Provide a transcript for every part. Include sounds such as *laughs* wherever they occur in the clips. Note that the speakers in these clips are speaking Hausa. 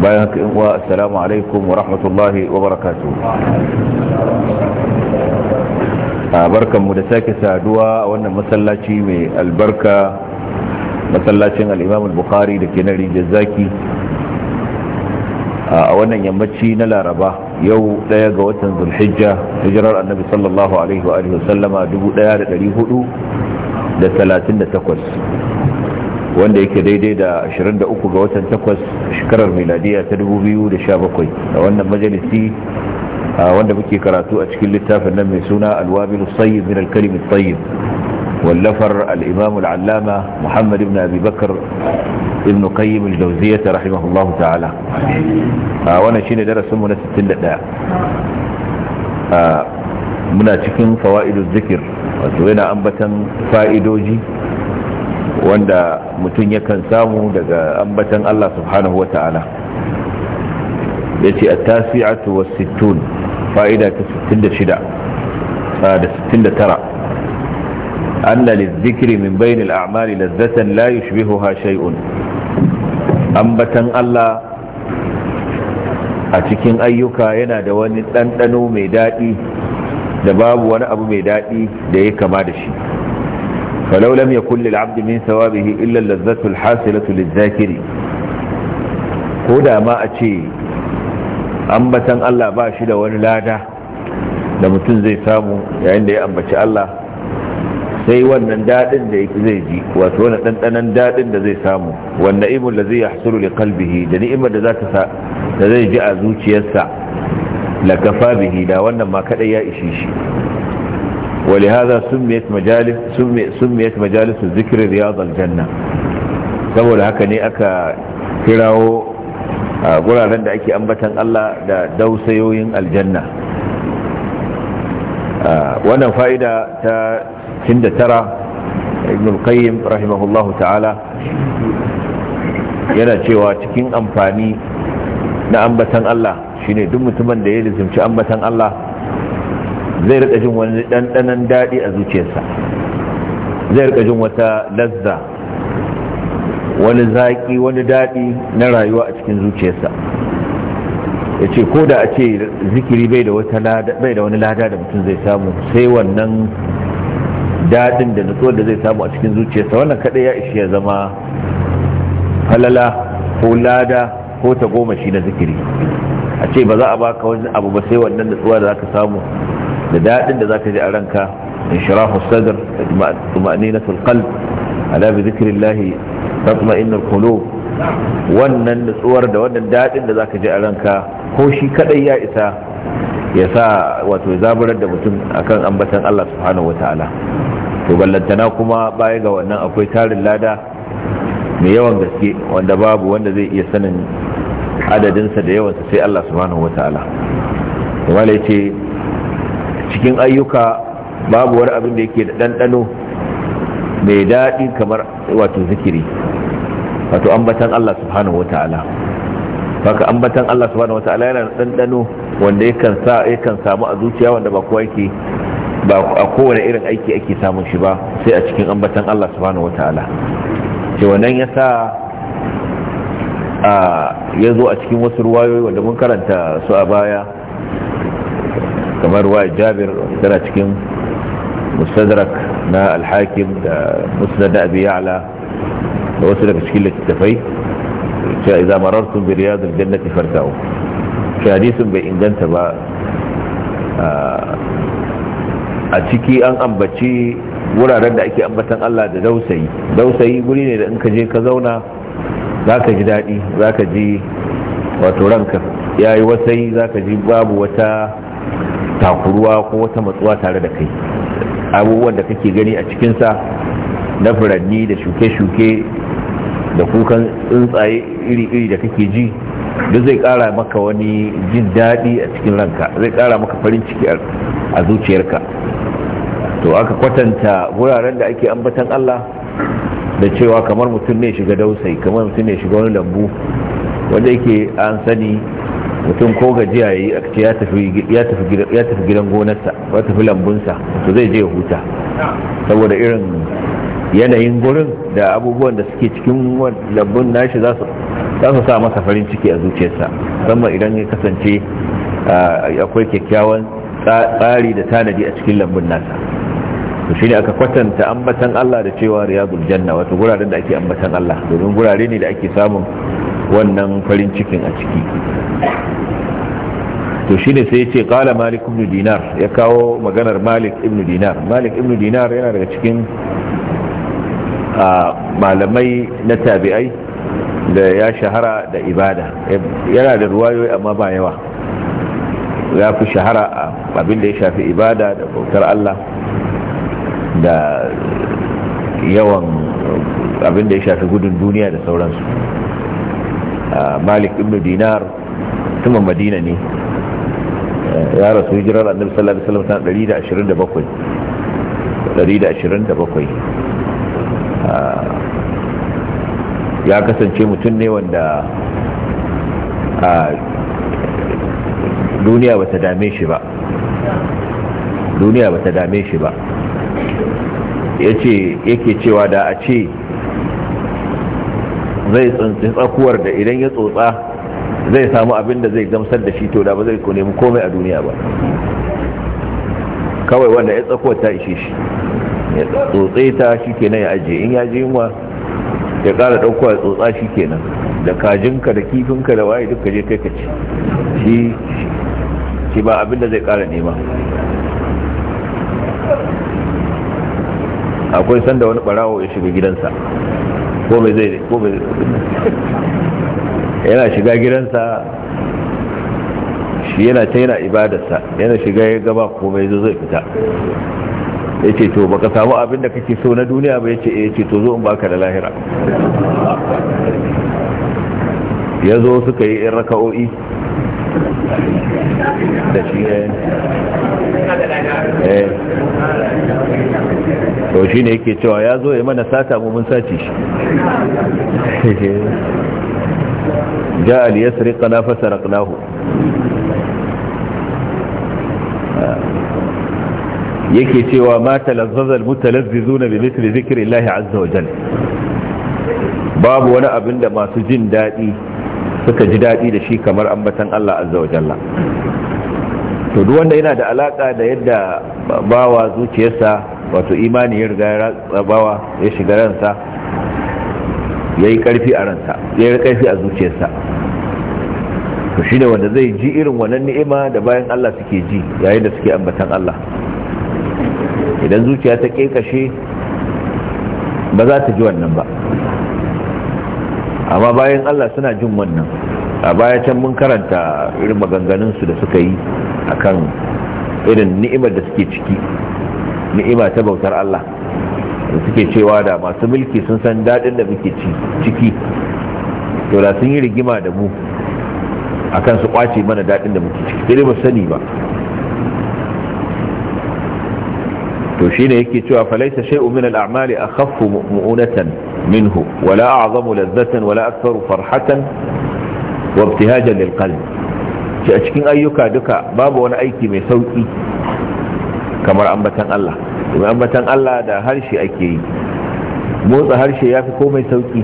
bayan haka in uwa assalamu alaikum wa rahmatullahi wa barakatuh a barkanmu da sake saduwa a wannan masallaci mai albarka masallacin alimamul bukhari da ke na zaki a wannan yammaci na laraba yau daya ga watan zulhijja hijirar annabi sallallahu alaihi wa alihi da 1438 wanda yake daidai da 23 ga watan 8 shekarar miladiya ta 2017 a wannan majalisi wanda muke karatu a cikin littafin nan mai suna alwabilu sayyid min alkalimi tsayin wallafar al'imamu al'allama muhammad ibn bakar ibn qayyim al-jawziyya rahimahullahu ta'ala wannan shine darasin mu na 61 muna cikin fawaidul zikir wato yana ambatan fa'idoji wanda mutum yakan samu daga ambatan Allah subhanahu wa ta'ala ya ce a tasi'atu wa sittun fa'ida ta 66 da 69 an na min bayanin amari lazzatan layu shibihu ha shai'un ambatan Allah a cikin ayyuka yana da wani ɗanɗano mai daɗi da babu wani abu mai daɗi da ya kama da shi فلو لم يكن للعبد من ثوابه إلا اللذة الحاصلة للذاكر كودا ما أتي أنبتا الله باشد ونلادا لمتن زي سامو يعني دي أنبت الله sai wannan dadin da zai ji wato wannan dandanan dadin da zai samu wannan imun da zai yahsulu li qalbihi da ni'imar da za ta da zai ji a zuciyarsa la kafa bihi da wannan ma kada ya ishe shi ولهذا سميت مجالس سمي سميت مجالس الذكر رياض الجنة saboda haka ne aka kirawo guraren da ake ambatan Allah da dausayoyin aljanna wannan fa'ida ta 69 ibn al-qayyim rahimahullahu ta'ala yana cewa cikin amfani na ambatan Allah shine duk mutumin da ya lizimci ambatan Allah zai rika jin wani ɗanɗanan daɗi a zuciyarsa zai rika jin wata lazza wani zaƙi wani daɗi na rayuwa a cikin zuciyarsa ya ce ko da a ce zikiri bai da wani lada da mutum zai samu sai wannan daɗin da nutsuwar da zai samu a cikin zuciyarsa wannan kaɗai ya ishi ya zama halala ko lada ko ta goma shi na zikiri a ce ba za a baka wani abu ba sai wannan nutsuwa da za ka samu da daɗin da zaka ji a ranka inshirahu sadr tumaninatul qalb ala bi zikrillah tatma'innul qulub wannan nutsuwar da wannan daɗin da zaka ji a ranka ko shi kadai ya isa ya sa wato zaburar da mutum akan ambatan Allah subhanahu wataala to ballantana kuma baya ga wannan akwai tarin lada mai yawan gaske wanda babu wanda zai iya sanin adadinsa da yawansa sai Allah subhanahu wataala wala ce cikin ayyuka babu wani abin da yake da ɗanɗano mai daɗi kamar wato zikiri wato ambatan Allah subhanahu wata'ala baka ambatan Allah subhanahu wata'ala yana ɗanɗano wanda yakan sa yakan samu a zuciya wanda ba kowa yake ba a kowane irin aiki ake samun shi ba sai a cikin ambatan Allah subhanahu wata'ala ce wannan ya sa ya zo a cikin wasu ruwayoyi wanda mun karanta su a baya kamar wa jabir tana cikin mustadrak na alhakim da musnad abi ya'la da wasu daga cikin littattafai cewa idza marartum bi riyadil jannati fartau shi hadisin bai inganta ba a ciki an ambaci wuraren da ake ambatan Allah da dausayi dausayi guri ne da in ka je ka zauna za ka ji daɗi za ka ji wato ranka ya yi wasai za ka ji babu wata takuruwa ko wata matsuwa tare da kai abubuwan da kake gani a cikinsa na furanni da shuke-shuke da kukan tsuntsaye iri-iri da kake ji duk zai kara maka wani jin daɗi a cikin ranka zai kara maka farin ciki a zuciyarka to aka kwatanta wuraren da ake ambatan Allah da cewa kamar mutum ne shiga dausai kamar mutum ne shiga wani lambu wanda yake an sani mutum ko gajiya yayi a ya tafi gidan gonarsa ya tafi lambunsa to zai je ya huta saboda irin yanayin gurin da abubuwan da suke cikin lambun nashi za su sa masa farin ciki a zuciyarsa musamman idan ya kasance akwai kyakkyawan tsari da tanadi a cikin lambun nasa to shine aka kwatanta ambatan Allah da cewa riyadul janna wato guraren da ake ambatan Allah domin gurare ne da ake samun wannan farin cikin a ciki to shine sai ya ce qala malik ibn dinar ya kawo maganar malik ibn dinar malik ibn dinar yana daga cikin malamai na tabi'ai da ya shahara da ibada yana da ruwayoyi amma ba yawa ya fi shahara abin da ya shafi ibada da bautar Allah da yawan abin da ya shafi gudun duniya da sauransu malik ibn dinar tuma madina ne ya rasu hijirar annabi sallallahu alaihi wasallam ta 127 127 ya kasance mutum ne wanda a ah, duniya bata dame shi ba duniya bata dame shi ba yace yake cewa da a ce zai tsantsi tsakuwar da idan ya tsotsa zai samu abin da zai gamsar da shi to da ba zai nemi komai a duniya ba kawai wanda ya tsako ta ishe shi ya tsotse ta shi kenan ya ajiye in ya ji yunwa ya kara ɗauko ya tsotsa shi kenan da kajinka da kifinka da waye duka je kai ka ci shi shi ba abin da zai kara nema akwai sanda wani barawo ya shiga gidansa ko mai zai ko mai yana shiga gidansa shi yana ta yana ibadarsa yana shiga ya gaba komai zo zai fita ya ce to baka samu abin da kake so na duniya ba ya ce eh, ya ce to zo in baka da lahira ya zo suka yi irin raka'o'i da shi ya eh. eh. to shi ne yake cewa ya zo ya mana sata mu mun sace shi *laughs* جاء ليسرقنا فسرقناه يكي سوى cewa ma talazzaza بمثل ذكر الله عز azza wa jalla babu wani abin da masu jin daɗi suka ji daɗi da shi kamar ambatan Allah azza wa jalla to duk wanda yana da alaka da yadda bawa zuciyarsa wato imani ya riga bawa ya shiga ransa ya yi karfi a ransa ya yi karfi a zuciyarsa to shi ne wanda zai ji irin wannan ni'ima da bayan Allah suke ji yayin da suke ambatan Allah idan zuciya ta kashe ba za ta ji wannan ba amma bayan Allah suna jin wannan a baya can mun karanta irin maganganunsu da suka yi akan irin ni'imar da suke ciki ni'ima ta bautar Allah da suke cewa da masu mulki sun san daɗin da muke ciki to da sun yi rigima da mu akan su kwace mana daɗin da muke ciki sai ba sani ba to shine yake cewa falaisa shay'un min al-a'mali akhaffu mu'unatan minhu wala a'zamu lazzatan wala aktharu farhatan wa ibtihajan lil qalb a cikin ayyuka duka babu wani aiki mai sauki kamar ambatan Allah domin ambatan Allah da harshe ake yi motsa harshe ya fi komai sauki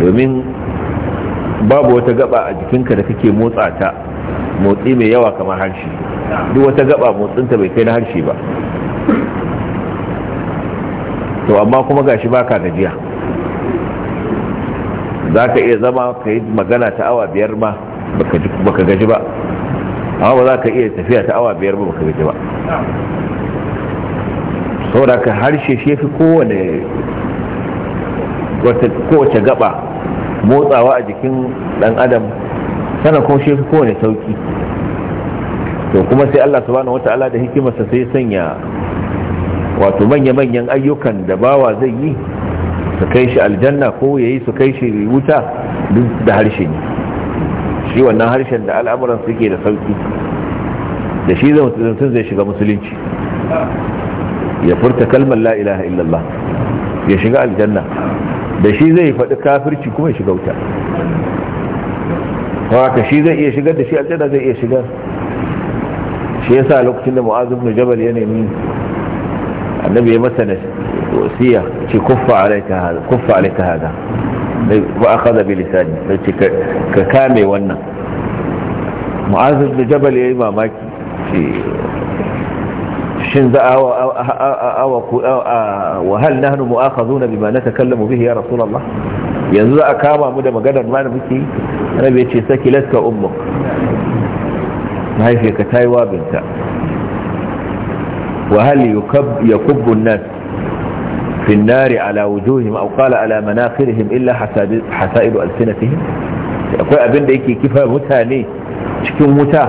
domin babu wata gaba a jikinka da kake motsa ta motsi mai yawa kamar harshe duk wata gaba motsinta bai kai na harshe ba to amma kuma gashi baka gajiya za ka iya zama ka yi magana ta awa biyar ma baka gaji ba amma ba za ka iya tafiya ta awa biyar ba baka gaji ba saboda ka harshe shi fi kowane kowace gaba motsawa a jikin dan adam sannan kuma shi fi kowane sauki to kuma sai Allah subhanahu wata'ala da hikimarsa sai sanya wato manya-manyan ayyukan da bawa zai yi su kai shi aljanna ko ya yi su kai shi wuta da harshe ne shi wannan harshen da al'amuran suke da sauki da shi zai zai shiga musulunci ya furta kalmar la ilaha illallah ya shiga aljanna da shi zai faɗi kafirci kuma ya shiga wuta haka shi zai iya shigar da shi aljanna zai iya shigar shi yasa lokacin da mu'azu na jabal ya nemi annabi ya masa wasiya ce kuffa alayka hada kuffa ba a wa akhadha bi lisani ce ka kame wannan mu'azu ibn jabal yi mamaki shin za a wahal na hannu mu'aka zo na bima na takallamu bihi ya rasulallah yanzu za a kama mu da maganar ma da muke rabe ce saki laska umma ka ta yi wa Binta. wahal ya kubbun nas في النار ala وجوههم أو قال على مناخرهم إلا حسائد ألسنتهم akwai abin da yake kifa mutane cikin wuta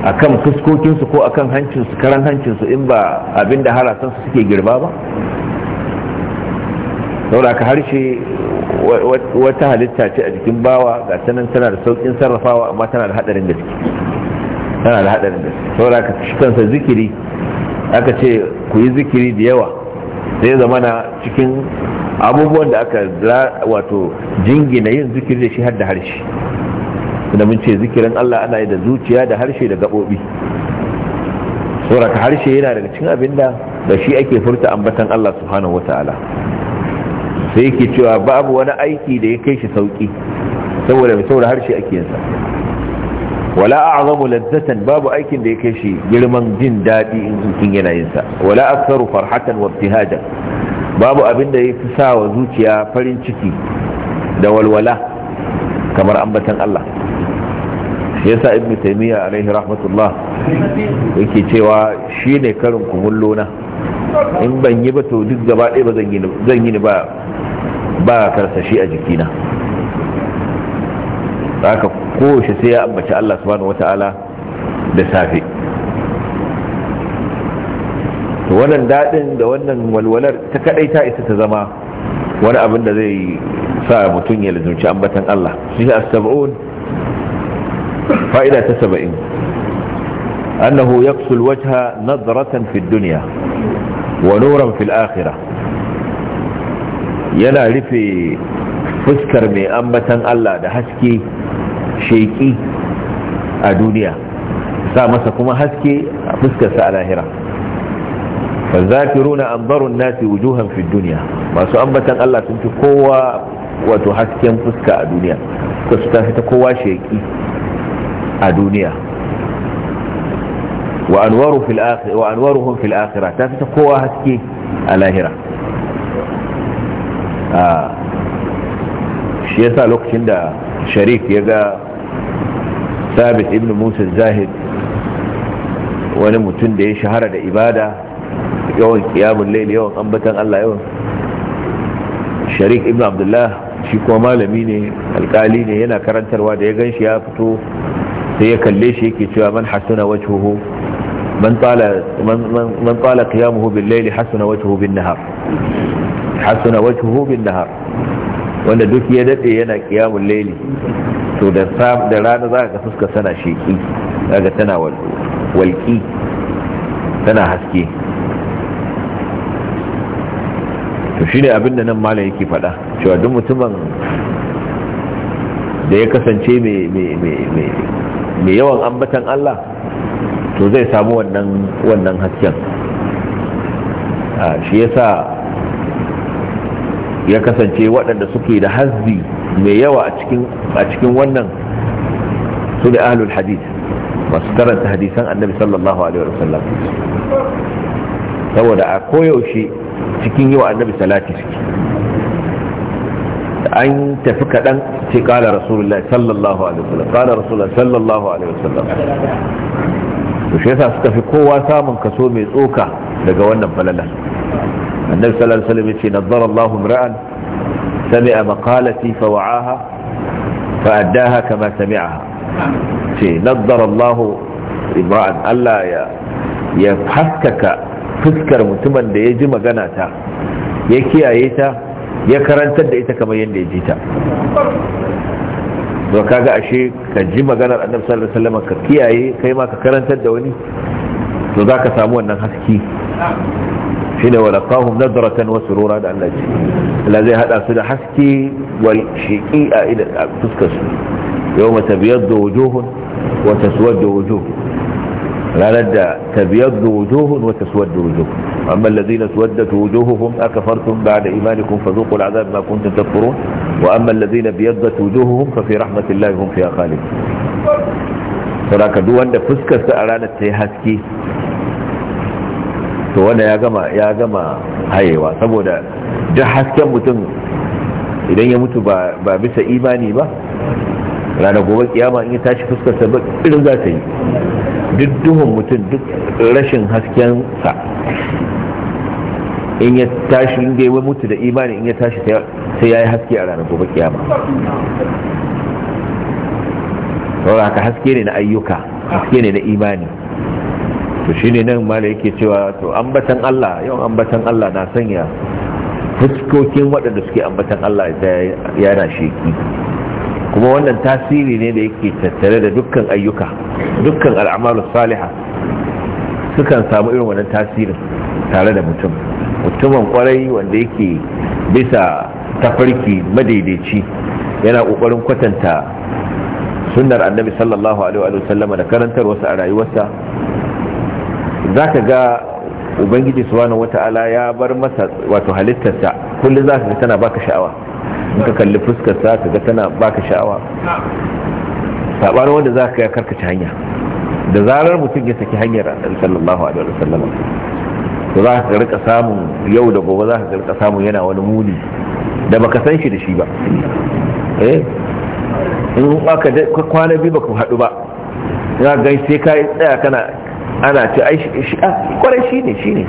akan fuskokinsu ko kan hancinsu karan hancinsu in ba abin da harasansu suke girba ba saboda ka harshe wata halitta ce a jikin bawa ga sanan tana da saukin sarrafawa amma tana da hadarin gaske tana da hadarin gaske saboda ka shi kansa zikiri aka ce ku yi zikiri da yawa zai zama na cikin abubuwan da aka wato jingina yin zikiri da shi har da harshe tunda mun ce zikirin Allah ana yi da zuciya da harshe da gaɓoɓi saboda harshe yana daga cikin abin da da shi ake furta ambatan Allah subhanahu wata'ala sai yake cewa babu wani aiki da ya kai shi sauki saboda mai saboda harshe ake yinsa wala a'zamu ladzatan babu aikin da ya kai shi girman jin daɗi in zuciyin yana yinsa wala aktharu farhatan wa ibtihaja babu abin da fi sa wa zuciya farin ciki da walwala kamar ambatan Allah yasa ibnu taymiya alaihi rahmatullah yake cewa ne karin kumullo na in ban yi ba to duk gaba ɗaya ba zan yi ni ba ba shi a jikina ka kowace sai ya ambaci Allah subhanahu da safe to wannan daɗin da wannan walwalar ta kaɗai ta isa ta zama wani abin da zai sa mutum ya lizunci ambatan Allah shi sabun fa'ida ta saba'in annahu yaqsul wajha nadratan fi dunya wa nuran fil akhirah yana rufe fuskar mai ambatan Allah da haske sheki a duniya sa masa kuma haske a fuskarsa a lahira fazakiruna anbarun nasi wujuhan fi duniya masu ambatan Allah sun fi kowa wato hasken fuska a duniya ko su tafi ta kowa sheki a duniya wa anwaruhum fil akhirah ta fita kowa haske a lahira shi yasa lokacin da sharif ya ga sabit ibn musa zahid wani mutum da ya shahara da ibada yawan kiyamun laili yawan ambatan allah yawan sharif ibn abdullah shi kuma malami ne alkali ne yana karantarwa da ya ganshi ya fito sai ya kalle shi yake cewa man hasuna wajhuhu man tala man tala qiyamuhu bil layli hasuna wajhuhu bin nahar hasuna wajhuhu bin nahar wanda duk ya dade yana qiyamul layli to da sab da rana zaka ga fuska tana sheki zaka tana walki tana haske to shine abin da nan malam yake faɗa cewa duk mutumin da ya kasance mai mai yawan ambatan Allah to zai samu wannan wannan hasken shi yasa ya kasance waɗanda suke da hazzi mai yawa a cikin wannan su da ahlul hadith masu karanta hadisan annabi sallallahu alaihi wasallam saboda a koyaushe cikin yawa annabi salati suke an tafi kaɗan ce kala rasulullah sallallahu alaihi wasallam kala rasulullah sallallahu alaihi wasallam to shi yasa suka fi kowa samun kaso mai tsoka daga wannan falala annabi sallallahu alaihi wasallam yace nadhara Allahu imra'an sami'a maqalati fa wa'aha fa addaha kama sami'aha ce nadhara imra'an Allah ya ya haskaka fuskar mutumin da ya ji magana ta ya kiyaye ta ya karantar da ita kamar yadda ya ji ta don kaga ashe ka ji maganar annabi sallallahu alaihi wasallam ka kiyaye kai ma ka karantar da wani to za ka samu wannan haski shi ne walakahun nadaratan wasu surura da Allah ce Allah zai hada su da haske wal shiƙi a fuskarsu yau ma tabiyar da wujuhun wata suwar da wujuhun ranar da tabiyar da wujuhun wata suwar da wujuhun أما الذين اسودت وجوههم أكفرتم بعد إيمانكم فذوقوا العذاب ما كنتم تكفرون وأما الذين ابيضت وجوههم ففي رحمة الله هم فيها خالدون فراك دوان دا فسكر سألانة تيهاتكي to wanda ya gama ya gama hayewa saboda duk hasken mutum idan ya mutu ba bisa imani ba ranar gobe kiyama in ya tashi fuskar sa irin za ta yi duk duhun mutum duk rashin haskensa. in ya tashi in ya mutu da imani in ya tashi sai ya yi haske a ranar gobe kiyama saboda haka haske ne na ayyuka haske ne na imani to shi ne nan mala yake cewa to ambatan Allah yau ambatan Allah na sanya fuskokin waɗanda suke ambatan Allah yana sheki kuma wannan tasiri ne da yake tattare da dukkan ayyuka dukkan al'amalu salihah sukan samu irin wannan tasirin tare da mutum mutumin kwarai wanda yake bisa tafarki madaidaici yana kokarin kwatanta sunnar annabi sallallahu alaihi wa sallama da karantar wasu a rayuwarsa zaka ga ubangiji subhanahu wata'ala ya bar masa wato halittarsa kullum zaka ga tana baka sha'awa in ka kalli fuskar sa ka ga tana baka sha'awa sabanin wanda zaka ga karkace hanya da zarar mutum ya saki hanyar annabi sallallahu alaihi wa sallama za ka rika samun yau da gobe za ka rika samun yana wani muni da baka san shi da shi ba eh in aka kwana biyu baka hadu ba za ka sai ka tsaya kana ana ci ai shi ah, kwarai shi ne shi ne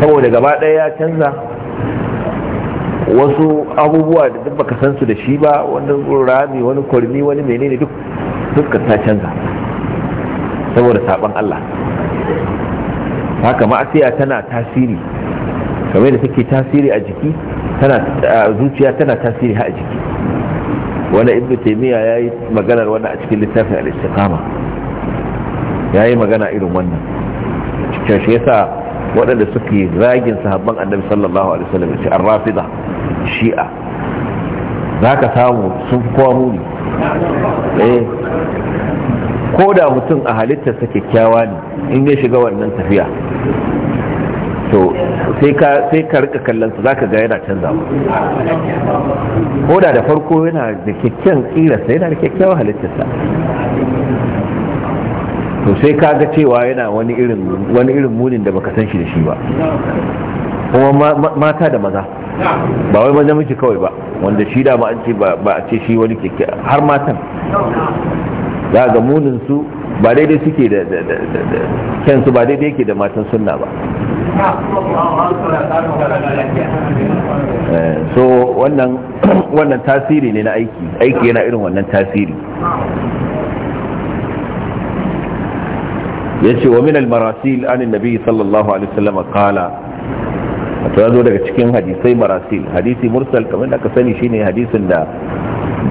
saboda gaba ɗaya ya canza wasu abubuwa da duk baka san su da shi ba wani rami wani kurmi wani menene duk ka ta canza saboda saban Allah haka ma'asiya tana tasiri kamar da take tasiri a jiki tana zuciya tana tasiri a jiki Wani ibnu taymiya yayi maganar wannan a cikin littafin al-istiqama yayi magana irin wannan cikin shi yasa waɗanda suke zagin sahabban annabi sallallahu alaihi wasallam shi ar-rafida shi'a zaka samu sun kowa muni eh ko da mutum a halittarsa kyakkyawa ne in ya shiga wannan tafiya to sai ka rika kallon su zaka ga yana canza ko da da farko yana da kyakkyan tsirarsa yana da kyakkyawan halittarsa to sai ka ga cewa yana wani irin wani irin munin da baka san shi da shi ba kuma mata da maza ba wai maza miki kawai ba wanda shi da ba an ce ba a ce shi wani kyakkyawa har matan za ga munin su ba daidai suke da kyan su ba daidai yake da matan sunna ba eh, so *clears throat* wannan tasiri ne na aiki aiki yana irin wannan tasiri yace wa min al-marasil an annabi sallallahu alaihi wasallam qala yazo daga cikin hadisai marasil hadisi mursal kamar da ka sani shine hadisin da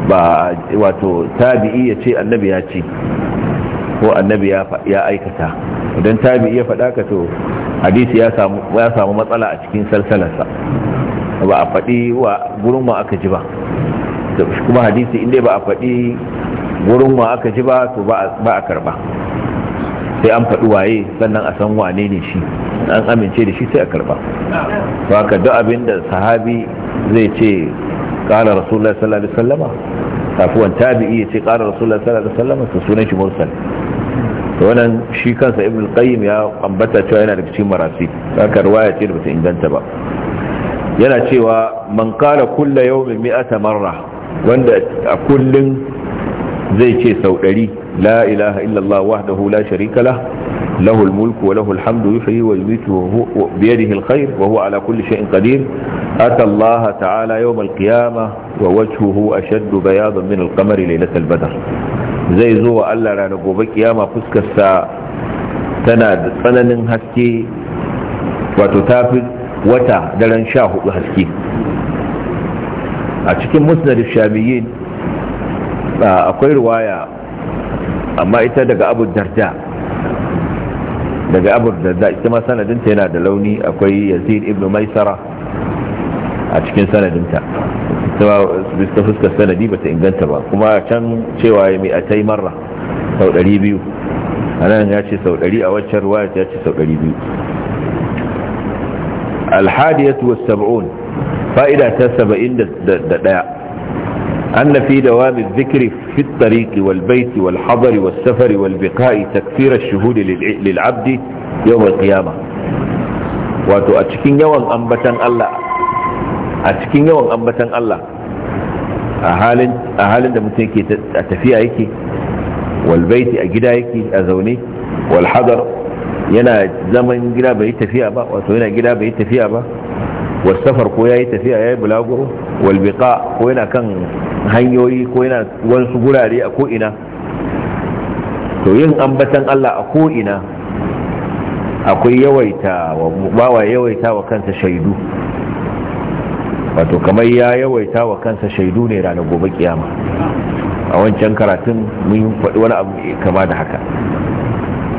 ba wato tabi'i ya ce annabi ya ce ko annabi ya aikata idan tabi'i ya faɗa ka to hadisi ya samu matsala a cikin salsalarsa ba a faɗi wa gurin ma aka ji ba kuma hadisi inda ba a faɗi gurin ma aka ji ba to ba a karɓa sai an faɗi waye sannan a san wane ne shi an amince da shi sai a karɓa ba ka duk abin da sahabi zai ce qala rasulullahi sallallahu alaihi wasallam afuwan tabi'i yace qala rasulullahi sallallahu alaihi wasallam to sunan shi mursal to wannan shi kansa ibn qayyim ya ambata cewa yana da cikin marasi haka riwaya ce da bata inganta ba yana cewa man qala kullu yawmin mi'ata marra wanda a kullun zai ce sau 100 la ilaha illallah wahdahu la sharika lahu له الملك وله الحمد يحيي ويميت بيده الخير وهو على كل شيء قدير أتى الله تعالى يوم القيامة ووجهه أشد بياضا من القمر ليلة البدر زي زوى ألا رانقو بكيامة فسك الساعة تناد صنن هسكي وتتافد وتا دلن شاهو هسكي أتكين مسند الشاميين أقول رواية أما إتا دقى أبو الدرداء daga abu da ita ma sanadinta yana da launi akwai yazid ibn maisara a cikin sanadinta ta fuskar sanadi bata inganta ba kuma can cewa ya mai a ta marra sau 200 a nan ya ce sau 100 a waccan ruwa ya ce sau 200 alhadiyatu was sab'un fa'ida ta 71 أن في دوام الذكر في الطريق والبيت والحضر والسفر والبقاء تكثير الشهود للعبد يوم القيامة wato a cikin yawan ambatan Allah a cikin yawan ambatan Allah a halin da mutum yake a tafiya yake wal baiti a gida yake a zaune wal yana zaman gida bai tafiya ba wato yana gida bai tafiya ba ko yayi tafiya yayi bulaguro wal ko yana kan hanyoyi ko yana wasu gurare a ko'ina to yin ambatan Allah a ko'ina akwai yawaita wa bawa yawaita wa kansa shaidu wato kamar ya yawaita wa kansa shaidu ne ranar gobe kiyama a wancan karatun mun faɗi wani abu kama da haka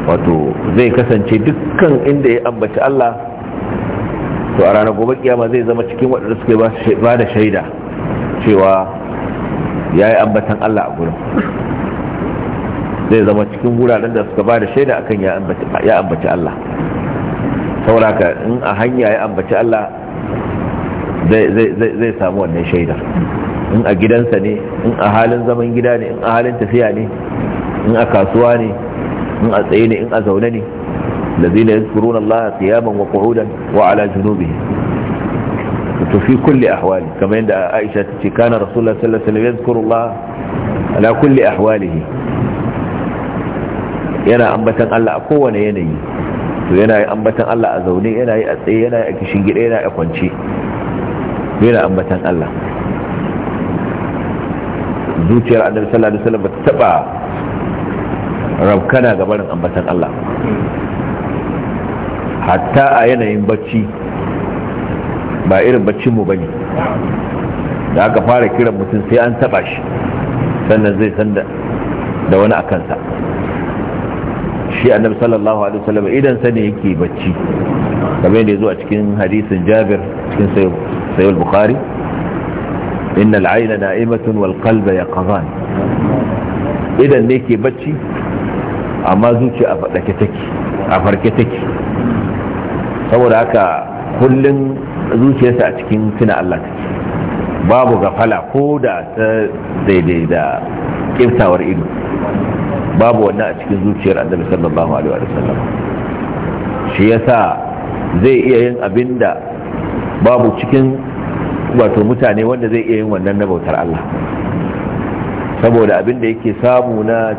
wato zai kasance dukkan inda ya ambaci Allah to a ranar gobe kiyama zai zama cikin waɗanda suke ba da shaida cewa ya yi ambatan Allah a gurin zai zama cikin wuraren da suka ba da shaida akan ya ambaci Allah sauraka in a hanya ya ambaci Allah zai samu wannan shaida. in a gidansa ne in a halin zaman gida ne in a halin tafiya ne in a kasuwa ne in a tsaye ne in a zaune ne Da ya الذين يذكرون الله قياما وقعودا وعلى جنوبهم wato fi kulli ahwali kamar yadda Aisha ta ce kana Rasulullah sallallahu alaihi wasallam yazkurullah ala kulli ahwalihi yana ambatan Allah a kowane yanayi to yana ambatan Allah a zaune yana yi a tsaye yana yi a kishin gida yana yi a kwance yana ambatan Allah zuciyar annabi sallallahu alaihi wasallam ba ta taba rabkana ga barin ambatan Allah hatta a yanayin bacci ba irin baccinmu ba ne da aka fara kiran mutum sai an taba shi sannan zai san da wani a kansa shi annabi sallallahu alaihi wasallam idan sani yake bacci kamar yadda yazo a cikin hadisin Jabir cikin sahih al-Bukhari innal ayna na'imatun wal qalba yaqzan idan ne ke bacci amma zuciya a fadake take a farke take saboda haka kullun zuciyarsa a cikin tuna Allah take babu gafala ko da ta daidai da kiftawar ido babu wannan a cikin zuciyar annabi sallallahu alaihi wa sallam shi yasa zai iya yin abinda babu cikin wato mutane wanda zai iya yin wannan na bautar Allah saboda abinda yake samu na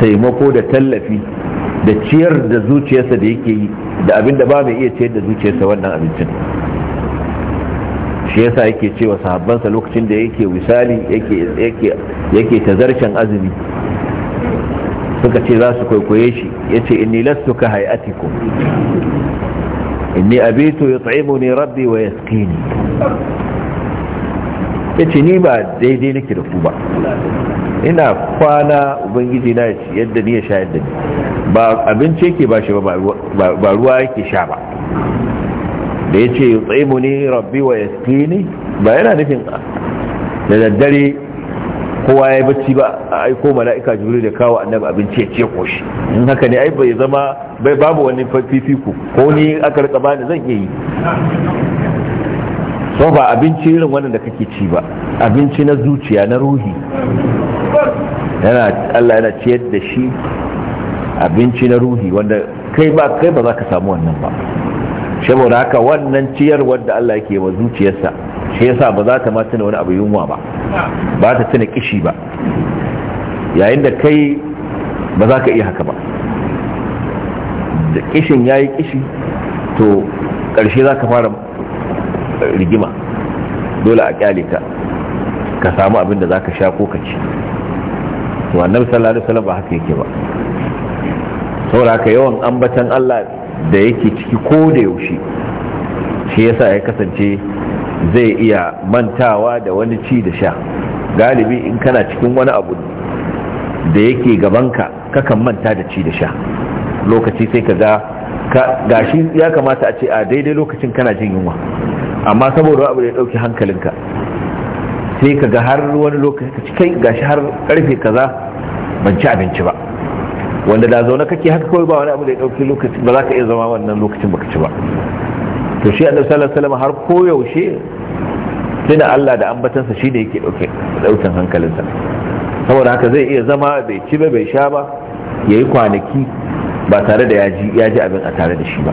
taimako da tallafi da ciyar da zuciyarsa da yake yi da abinda ba mai iya ciyar da zuciyarsa wannan abincin shi yasa yake cewa sahabbansa lokacin da yake wisali yake tazarcen azumi suka ce za su kwaikwaye shi ya ce inni lastu ka hayatikum inni abitu yut'imuni rabbi wa ya yace ni ba daidai nake da ku ba ina kwana ubangiji na yadda ni ya sha yadda ni ba abinci yake ba shi ba ba ruwa yake sha ba da ya ce yi tsaimu ne rabbi wa ya ni ba yana nufin da daddare kowa ya yi bacci ba a aiko mala'ika jirgin da kawo annabi abinci ya ce koshi in haka ne ai bai zama bai babu wani fifiku ko ni aka rika bani zan iya yi so ba abinci irin wannan da kake ci ba abinci na zuciya na ruhi yana Allah yana ciyar da shi abinci na ruhi wanda kai ba kai ba za ka samu wannan ba saboda haka wannan ciyarwar da Allah yake wa zuciyarsa shi yasa ba za ta ma tuna wani abu yunwa ba ba ta tuna kishi ba yayin da kai ba za ka iya haka ba da kishin ya yi kishi to ƙarshe za ka fara rigima dole a kyale ka ka samu abin da za ka sha ko ka ci to annabi sallallahu alaihi wasallam ba haka yake ba saboda haka yawan ambatan Allah da yake ciki ko da yaushe shi yasa ya kasance zai iya mantawa da wani ci da sha galibi in kana cikin wani abu da yake gabanka kakan manta da ci da sha lokaci sai ka ga gashi ya kamata a ce a daidai lokacin kana jin yunwa amma saboda abu da ya dauki hankalinka sai ka ga har wani lokaci kai gashi har karfe kaza ban ci abinci ba wanda da zaune kake haka kawai ba wani abu da ya dauki lokaci ba za ka iya zama wannan lokacin baka ci ba to shi annabi sallallahu alaihi wasallam har koyaushe da Allah da ambatansa shine yake dauke daukan hankalinsa saboda haka zai iya zama bai ci ba bai sha ba yayi kwanaki ba tare da yaji yaji abin a tare da shi ba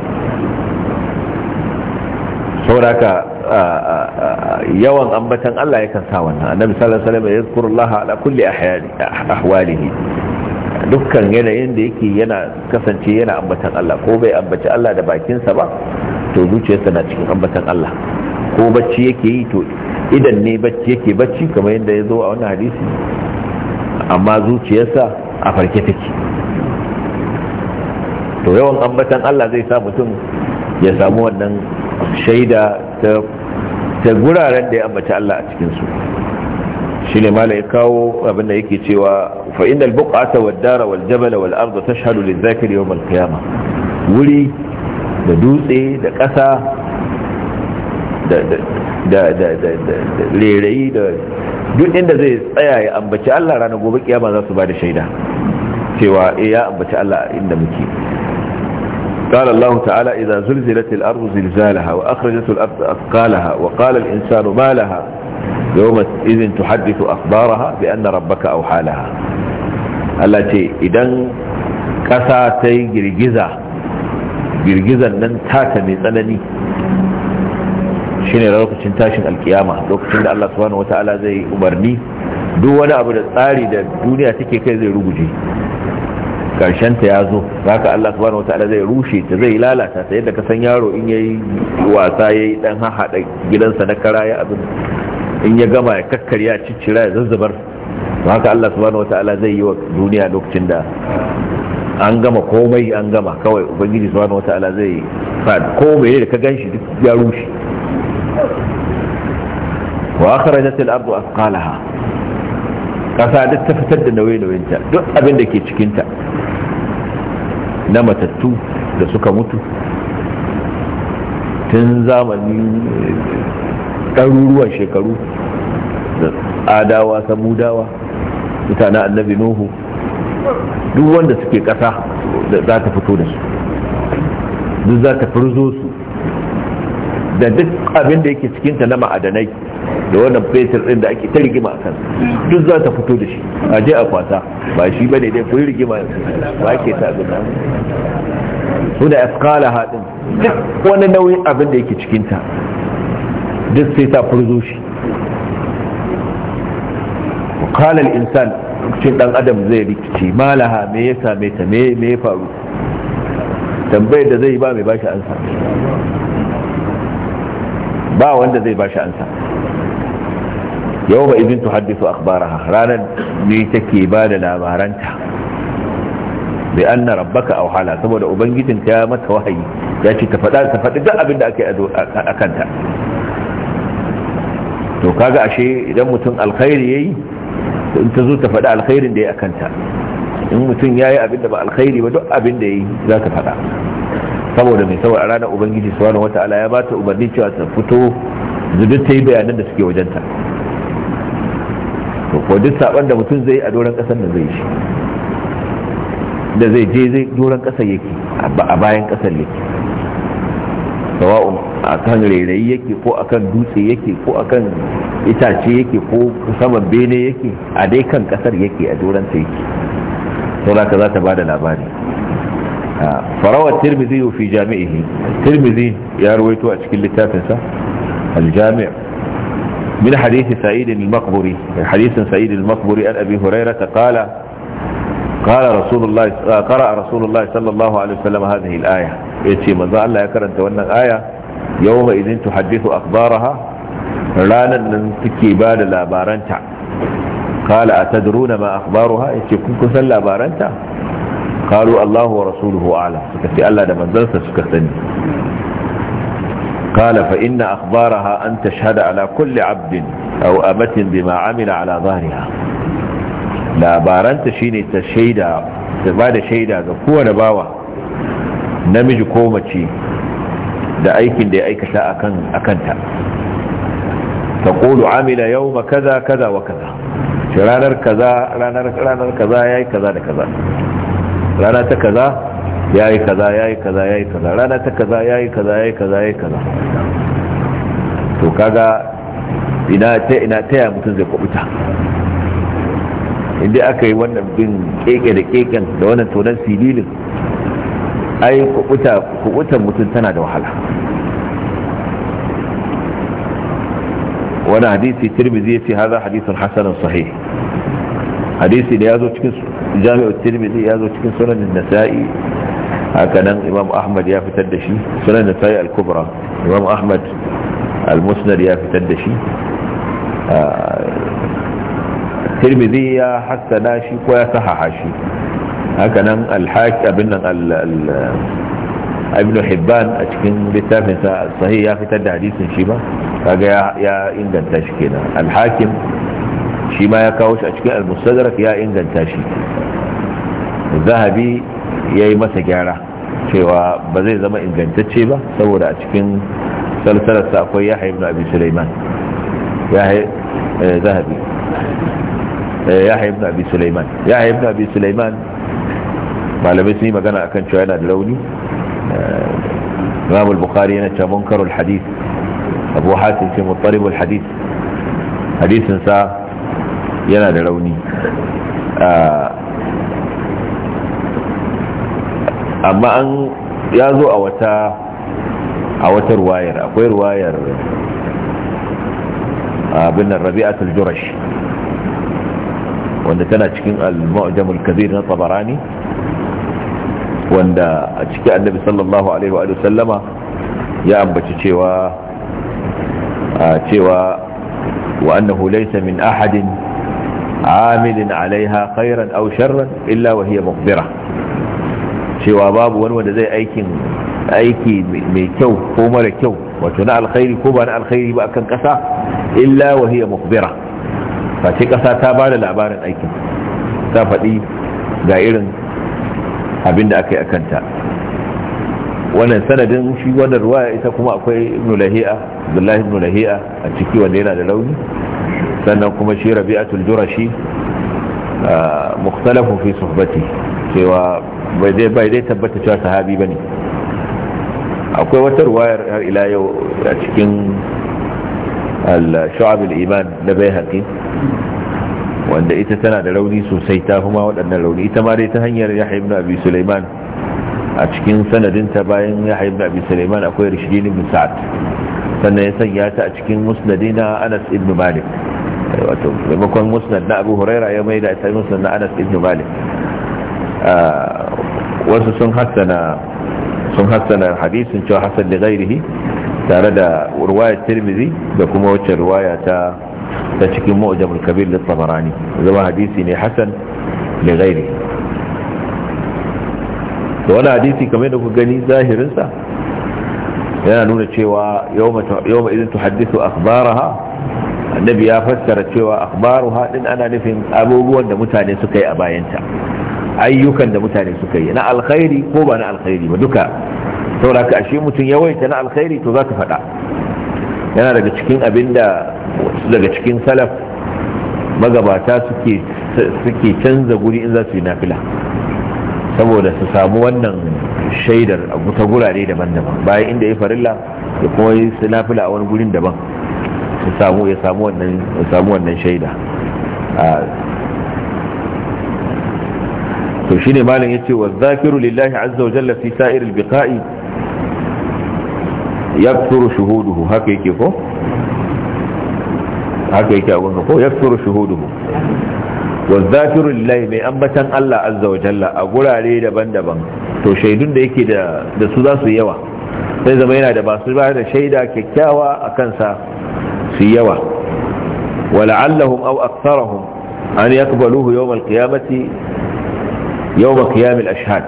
saboda haka yawan ambatan Allah yakan sa wannan annabi sallallahu alaihi wasallam yazkurullaha ala kulli ahwalihi dukkan yanayin da yake yana kasance yana ambatan Allah ko bai ambaci Allah da bakinsa ba to zuciyarsa na cikin ambatan Allah ko bacci yake yi to idan ne bacci yake bacci kamar yadda ya zo a wani hadisi amma zuciyarsa a farke take to yawan ambatan Allah zai sa mutum ya samu wannan shaida ta guraren da ya ambaci Allah a cikinsu shine mala ya kawo abin da yake cewa fa innal buqata wad dara wal jabala wal ardu tashhadu lil zakiri yawm al wuri da dutse da ƙasa da da da da da duk inda zai tsaya ya ambaci Allah ranar gobe kiyama za su ba da shaida cewa eh ya ambaci Allah inda muke قال الله تعالى إذا زلزلت الأرض زلزالها وأخرجت الأرض أثقالها وقال الإنسان ما لها yawmaidhin tuhaddithu akhbaraha bi anna rabbaka awha laha Allah ce idan ƙasa ta yi girgiza girgizan nan taka mai tsanani shine lokacin tashin alkiyama lokacin da Allah subhanahu wata'ala zai umarni duk wani abu da tsari da duniya take kai zai ruguje karshen ta yazo zo haka Allah subhanahu wata'ala zai rushe ta zai lalata ta yadda ka san yaro in yayi wasa yayi dan da gidansa na karaya ya abin in ya gama ya kakkarya ciccira ya zazzabar haka Allah subhanahu wata'ala zai yi wa duniya lokacin da an gama komai an gama kawai ubangiji subhanahu wata'ala zai fa komai da ka ganshi duk ya rushe wa akhrajat al-ardu athqalaha kasa duk ta fitar da nauyin nauyenta duk abin da ke cikinta na matattu da suka mutu tun zamanin ɗaruruwan shekaru adawa samudawa mutane annabi nuhu duk wanda suke ƙasa za ta fito da su duk za ta firzo su da duk abin da yake cikinta na ma'adanai da wannan fetur ɗin da ake ta rigima a kan duk za ta fito da shi a je a kwasa ba shi bane dai ku rigima ba ke ta abin nan su da afkala haɗin duk wani nauyin abin da yake cikinta duk sai ta furzo shi kalal insan cin dan adam zai rikici malaha me ya same ta me me ya faru tambayar da zai ba mai bashi ansa ba wanda zai bashi ansa yau ba izin tuhaddisu akhbaraha ranar ne take ba da labaranta bi anna rabbaka aw hala saboda ubangijin ta mata wahayi ya ce ta faɗa ta faɗi duk abin da ake a kanta to kaga ashe idan mutum alkhairi yayi in ta zo ta faɗi alkhairin da ya akanta in mutum ya yi abin da ba alkhairi ba duk abin da ya yi za faɗa saboda mai saboda ranar ubangiji suwanin wata'ala ya ba ta umarni cewa ta fito zudin ta yi bayanan da suke wajenta to ko duk saban da mutum zai yi a doron ƙasar da zai shi da zai je zai doron ƙasar yake a bayan ƙasar yake sawa'un akan rairayi yake ko akan dutse yake ko akan itace yake ko saman bene yake a dai kan kasar yake a doranta yake ka za ta bada labari labari farawar tirmizi fi jami'i tirmizi ya ruwaito a cikin littafinsa aljami' من حديث سعيد المقبري من حديث سعيد an عن أبي ta قال قال رسول الله قرأ رسول الله صلى الله عليه وسلم هذه الآية يتي ماذا الله يكرن تولنا الآية yau ma idin tuhaddithu akhbaraha ranar nan suke ba da labaranta kala a tadruna ma ya ce kun kusan labaranta Kalu Allahu wa rasuluhu ala suka ce Allah da manzansa suka sani kala fa inna akhbaraha an tashhada ala kulli abdin aw amatin bima amila ala dhahriha labaranta shine ta shaida ta bada shaida ga kowane bawa namiji ko mace da aikin da ya aikata a akan akanta taqulu amila ma kaza kaza wa kaza ranar kaza ranar kaza ya yi kaza da kaza rana ta kaza ya yi kaza ya yi kaza ya yi kaza rana ta kaza ya yi kaza ya yi kaza ya yi kaza to kaga ina taya mutum ta ya mutun zai kubuta inda aka yi wannan bin keke da keken da wannan tonan sililin ai kubutan mutum tana da wahala wani hadisi tirmidhi ya ce haza hadisun hasanun sahih hadisi da ya zo cikin jami'ar tirmidhi ya zo cikin sunanin nasa'i haka nan imam ahmad ya fitar da shi sunanin nasa'i al-kubra imam ahmad al-musnad ya fitar da shi ah, tirmidhi ya hassana shi ko ya sahaha shi haka nan alhaki abin nan ibn hibban a cikin littafin sa sahih ya fitar da hadisin shi ba kaga ya inganta shi kenan alhakim shi ma ya kawo shi a cikin al-mustadrak ya inganta shi zahabi ya yi masa gyara cewa ba zai zama ingantacce ba saboda a cikin salsalar sa akwai yahya ibn abi sulaiman yahya eh, zahabi eh, yahya ibn abi sulaiman yahya ibn abi sulaiman malamai sun yi magana akan cewa yana da rauni imam bukhari yana cewa munkarul hadith abu hatim ce mutaribul hadith hadisin sa yana da rauni amma an ya zo a wata a wata ruwayar akwai ruwayar abin nan rabi'atul jurash wanda tana cikin al-mu'jamul kabir na tabarani wanda a ciki annabi sallallahu alaihi wa sallama ya ambaci cewa cewa wa annahu laysa min ahadin amilin alaiha khairan aw sharran illa wa hiya cewa babu wani wanda zai aikin aiki mai kyau ko mara kyau wato na alkhairi ko ba na alkhairi ba akan kasa illa wa hiya muqbira ƙasa kasa ta ba da labarin aikin ta faɗi ga irin abinda aka yi a kanta wannan sanadin shi wannan ruwa ita kuma akwai ibn lahi'a abdullahi ibn a ciki wanda yana da launi sannan kuma shi rabi'atul jurashi mukhtalafun fi suhbati cewa bai dai bai dai tabbata cewa sahabi bane akwai wata ruwayar har ila yau a cikin al-shu'ab al-iman na bayhaqi wanda ita tana da rauni sosai ta kuma waɗannan rauni ita ma dai ta hanyar yahya ibn abi Suleiman a cikin sanadinta bayan yahya ibn abi Suleiman akwai rishidin ibn sa'ad sannan ya sanya ta a cikin musnadina anas ibn malik wato maimakon musnad na abu huraira ya mai da ta musnad na anas ibn malik wasu sun hassana sun hassana hadisin cewa hasan da gairihi tare da ruwayar tirmizi da kuma wacce ruwaya ta da cikin mu'jamul kabir lit tabarani zama hadisi ne hasan li ghairi to wani hadisi kamar da ku gani zahirinsa yana nuna cewa yawma idan tuhaddithu akhbaraha annabi ya fassara cewa akhbaruha din ana nufin abubuwan da mutane suka yi a bayanta ayyukan da mutane suka yi na alkhairi ko ba na alkhairi ba duka saboda ka ashe mutum yawaita na alkhairi to za ka faɗa yana daga cikin abinda daga cikin salaf magabata suke canza guri in za su yi nafila saboda su samu wannan shaidar ta gurare daban-daban bayan inda ya farilla ya kuma yi su nafila a wani gurin daban su samu ya samu wannan shaida to shine malam yace wa zakiru lillahi azza wa jalla fi sa'iril biqa'i yakthuru shuhuduhu haka yake ko haka yake abun ko yakthuru shuhuduhum wa zakiru lillahi mai ambatan Allah azza wa jalla a gurare daban-daban to shaidun da yake da da su za su yawa sai zama yana da ba su ba da shaida kyakkyawa a kansa su yawa wala'allahum aw aktharahum an yaqbaluhu yawm al-qiyamati yawm qiyam al-ashhad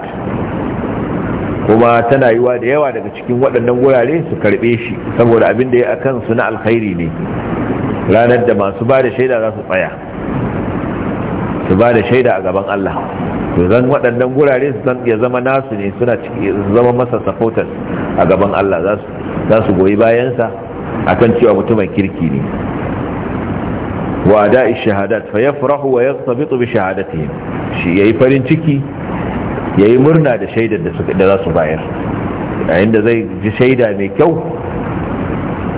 kuma tana yiwa da yawa daga cikin waɗannan gurare su karɓe shi saboda abin da ya akan su na alkhairi ne ranar da masu ba da shaida za su tsaya su ba da shaida a gaban Allah to zan waɗannan gurare su iya zama nasu ne suna zama masa supporters a gaban Allah za su goyi bayansa akan cewa mutumin kirki ne wa da shahadat fa yafrahu wa yaghtabitu bi shahadatihim shi yayi farin ciki yayi murna da shaidar da suka da za su bayar yayin da zai ji shaida mai kyau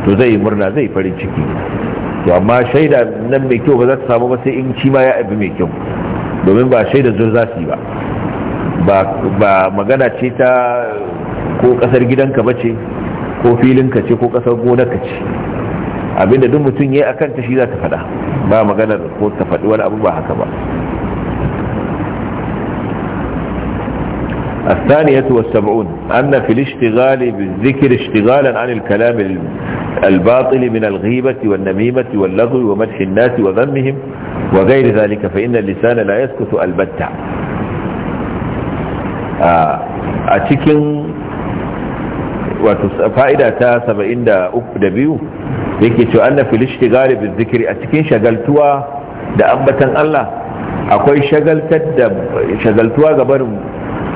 to zai murna zai farin ciki to amma shaida nan mai kyau ba za ta samu ba sai in shi ma ya abi mai kyau domin ba shaida zur za ba ba magana ce ta ko kasar gidanka ba ce ko filinka ce ko kasar gonarka ce abinda duk mutum ya yi a kanta shi za ta faɗa ba maganar ko ta faɗi wani abu ba haka ba الثانية والسبعون أن في الاشتغال بالذكر اشتغالا عن الكلام الباطل من الغيبة والنميمة واللغو ومدح الناس وذمهم وغير ذلك فإن اللسان لا يسكت البتة آه، أتكن فائدة تاسب عند أبدبيو yake أن في الاشتغال بالذكر أتكن شغلتوا da ambatan Allah akwai شغلتوا da shagaltuwa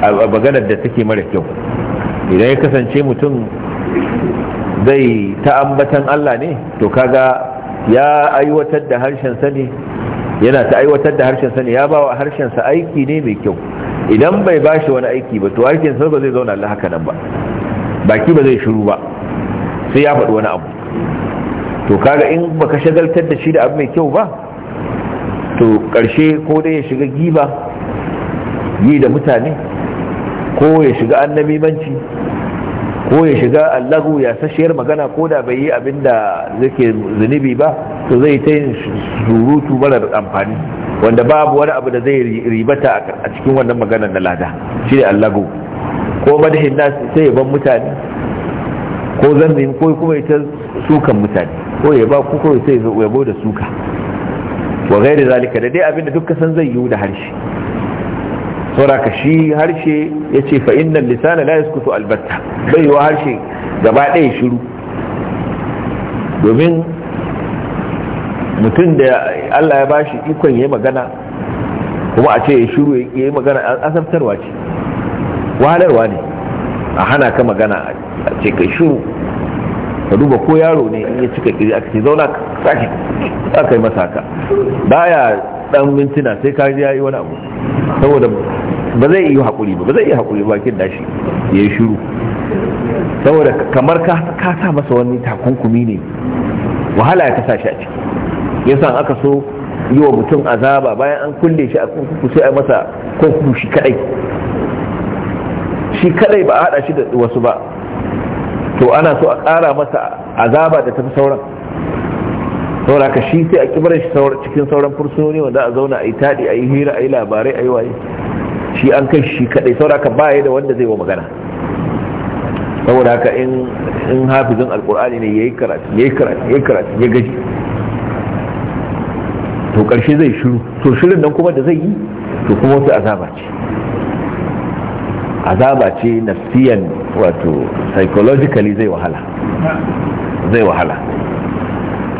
maganar da take mara kyau idan ya kasance mutum zai ta'ambatan Allah ne to kaga ya aiwatar da harshen ne, yana ta aiwatar da harshen ne, ya bawa harshen sa aiki ne mai kyau idan bai ba shi wani aiki ba to harshen ba zai zauna Allah haka nan ba baki ba zai shiru ba sai ya faɗi wani abu to kaga in baka shagaltar da shi da abu mai kyau ba to ƙarshe ko dai ya shiga giba yi da mutane ko ya shiga annabimanci ko ya shiga allahu ya sashiyar magana ko da bai yi abin da zake zunubi ba to zai ta yin surutu marar amfani wanda babu wani abu da zai ribata a cikin wannan maganar na lada shi ne allahu ko madahin nasu sai yaban mutane ko zambin ko kuma ita sukan mutane ko ya ba ku kawai sai yabo da suka wa gairi zalika da dai abin da duk san zai yiwu da harshe saboda shi harshe ya ce fa innal lisana la yaskutu albatta bai wa harshe gaba ɗaya shiru domin mutum da Allah ya bashi ikon yi magana kuma a ce ya shiru ya yi magana asabtarwa ce wahalarwa ne a hana ka magana a ce kai shiru ka duba ko yaro ne in ya cika kiri aka ce zauna sake ka yi masa ka baya dan mintuna sai ka ji yayi wani abu saboda ba zai yi hakuri ba ba zai yi hakuri ba kin dashi yayi shiru saboda kamar ka ka sa masa wani takunkumi ne wahala ya tasa shi a ciki yasa aka so yi wa mutum azaba bayan an kulle shi a kurkuku sai a masa kurkuku shi kadai shi kadai ba a hada shi da wasu ba to ana so a kara masa azaba da tafi sauran saboda ka shi sai a kibar shi cikin sauran fursunoni wanda a zauna a yi taɗi a yi hira a yi labarai a yi waye shi an kai shi kaɗai saboda ka baya da wanda zai wa magana saboda haka in hafizin Alƙur'ani ne ya yi karatu ya yi karatu ya yi karatu ya gaji to ƙarshe zai shiru to shirin nan kuma da zai yi to kuma wasu azaba ce azaba ce nafsiyan wato psychologically zai wahala zai wahala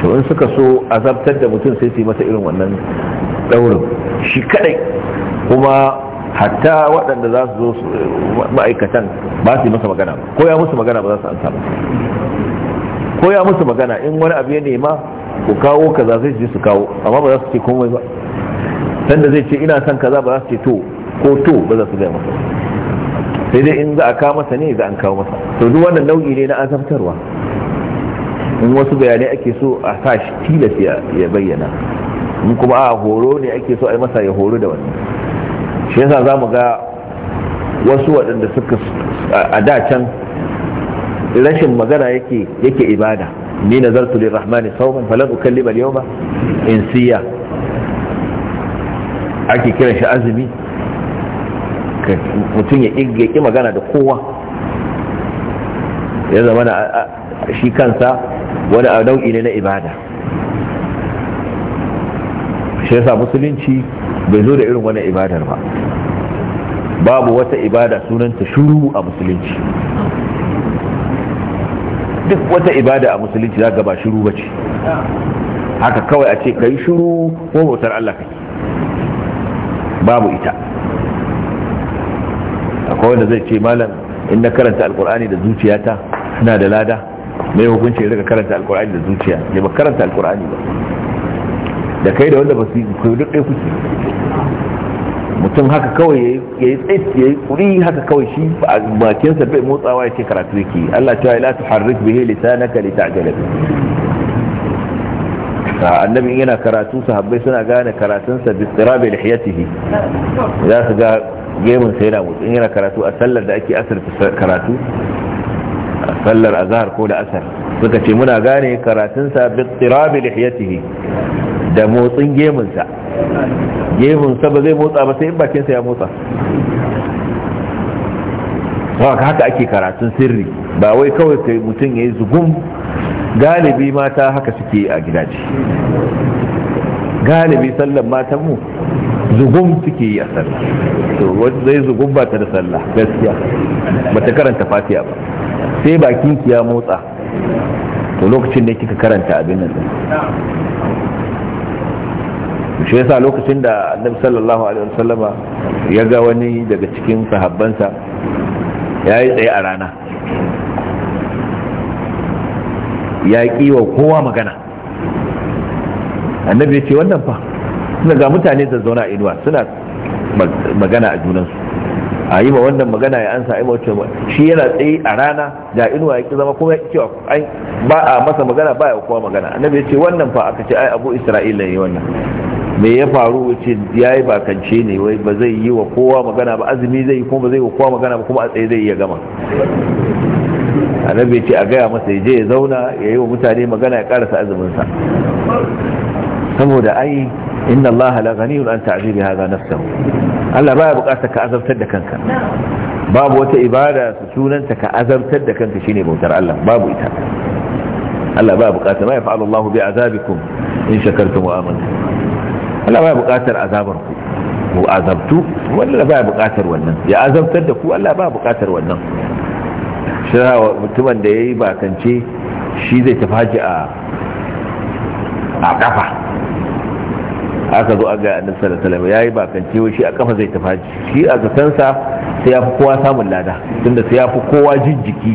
to in suka so azabtar da mutum sai su yi masa irin wannan daurin shi kadai kuma hatta waɗanda za su zo ma'aikatan ba su yi masa magana ko ya musu magana ba za su ansa ba ko ya musu magana in wani abu ya nema ku kawo kaza zai su je su kawo amma ba za su ce komai ba sanda zai ce ina son kaza ba za su ce to ko to ba za su gaya masa sai dai in za a kawo masa ne za an kawo masa to duk wannan nau'i ne na azabtarwa in wasu bayanai ake so a sa shi tilas ya bayyana in kuma a horo ne ake so a yi masa ya horo da wannan shi yasa za mu ga wasu waɗanda suka a da can rashin magana yake yake ibada ni nazartu rahmani sauman falan ukallima al-yawma insiya ake kiran shi azumi mutum ya ƙi magana da kowa ya zama na shi kansa wani nau'i ne na ibada shi yasa musulunci bai zo da irin wannan ibadar ba babu wata ibada sunanta shuru a musulunci duk wata ibada a musulunci za ga ba shuru ba ce haka kawai a ce ka yi shuru ko bautar Allah kake babu ita akwai wanda zai ce malam in na karanta alkur'ani da zuciyata na da lada mai hukunci daga karanta alkur'ani da zuciya ya ba karanta alkur'ani ba da kai da wanda ba su yi duk ɗaya kuke mutum haka kawai ya yi tsaye ya yi kuri haka kawai shi a bakinsa bai motsawa ya ce karatu yake Allah ta la tuharrik bihi lisanaka lita'jala annabi yana karatu sahabbai suna gane karatunsa bi istirabi lihiyatihi za su ga gemun sai yana mutum yana karatu a sallar da ake asirta karatu sallar azhar ko da asar suka ce muna gane karatunsa bi tirabi lihiyatihi da motsin gemunsa gemunsa ba zai motsa ba sai in bakinsa ya motsa haka haka ake karatun sirri ba wai kawai kai mutum ya yi zugun galibi mata haka suke a gidaje galibi sallar sallan mu zugun suke yi a sallah to zai zugun ba ta da sallah gaskiya ba ta karanta fatiha ba sai bakin ki ya motsa to lokacin da kika karanta abin nan shi yasa lokacin da annabi sallallahu alaihi wasallama ya ga wani daga cikin sahabbansa ya yi tsaye a rana ya ƙi wa kowa magana annabi ya ce wannan fa suna ga mutane da zauna inuwa suna magana a junansu a yi ma wannan magana ya ansa ai mace shi yana tsaye a rana da inuwa yake zama kuma yake cewa ai ba a masa magana ba ya kowa magana annabi ya ce wannan fa aka ce ai abu isra'ila ne wannan me ya faru ce ya yi bakance ne wai ba zai yi wa kowa magana ba azumi zai yi kuma ba zai yi wa kowa magana ba kuma a tsaye zai iya gama annabi ya ce a gaya masa ya je ya zauna ya yi wa mutane magana ya karasa azuminsa saboda ai inna allaha la ghaniyun an ta'zibi hadha nafsahu Allah baya bukatar ka azabtar da kanka babu wata ibada su sunanta ka azabtar da kanka shine bautar Allah babu ita Allah baya bukatar ma yafa'alu Allahu bi azabikum in shakartum wa amantum Allah baya bukatar azabar ku ku azabtu wanda baya bukatar wannan ya azabtar da ku Allah baya bukatar wannan shirawa mutumin da yayi bakance shi zai tafi haji a a kafa aka zo aga annabi sallallahu alaihi wasallam yayi bakance shi a kafa zai tafi shi a sa sai ya fi kowa samun lada tunda sai ya fi kowa jijjiki